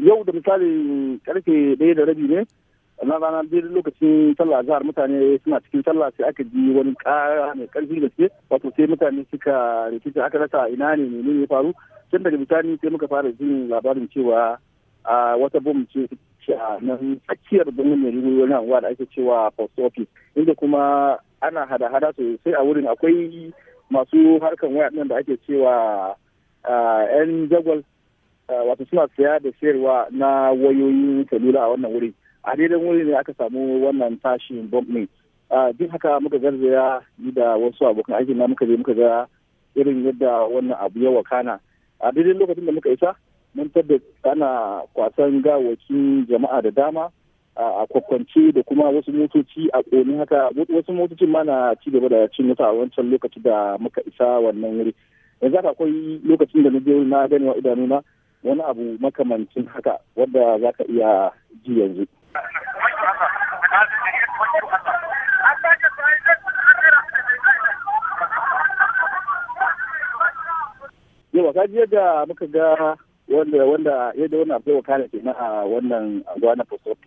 yau da misali karfe ɗaya da rabi ne na rana lokacin sallah jihar mutane suna cikin sallah sai aka ji wani kara mai karfi da ke wato sai mutane suka rikici aka rasa ina ne menene ya faru tun daga bisani sai muka fara jin labarin cewa a wata bom ce a nan tsakiyar birnin Maiduguri wani anguwa da ake cewa post office inda kuma ana hada-hada sosai a wurin akwai masu harkan waya nan da ake cewa yan jagwal Eh, wato suna saya da sayarwa na wayoyin salula a wannan wuri a daidai wuri ne aka samu wannan tashin bomb ne eh, duk haka muka yi da wasu abokan aikin na muka je muka ga irin yadda wannan abu ya wakana a daidai lokacin da muka isa mun tabbata ana kwasan gawakin jama'a da dama a kwakwance da kuma wasu motoci a ƙoni haka wasu motocin ma na ci gaba da cin wuta a wancan lokaci da muka isa wannan wuri yanzu haka akwai lokacin da na je na gani wa idanuna wani abu makamancin haka wadda za ka iya ji yanzu. Yawa jiya da muka ga wanda yadda wani abu wakana ke a wannan gwana na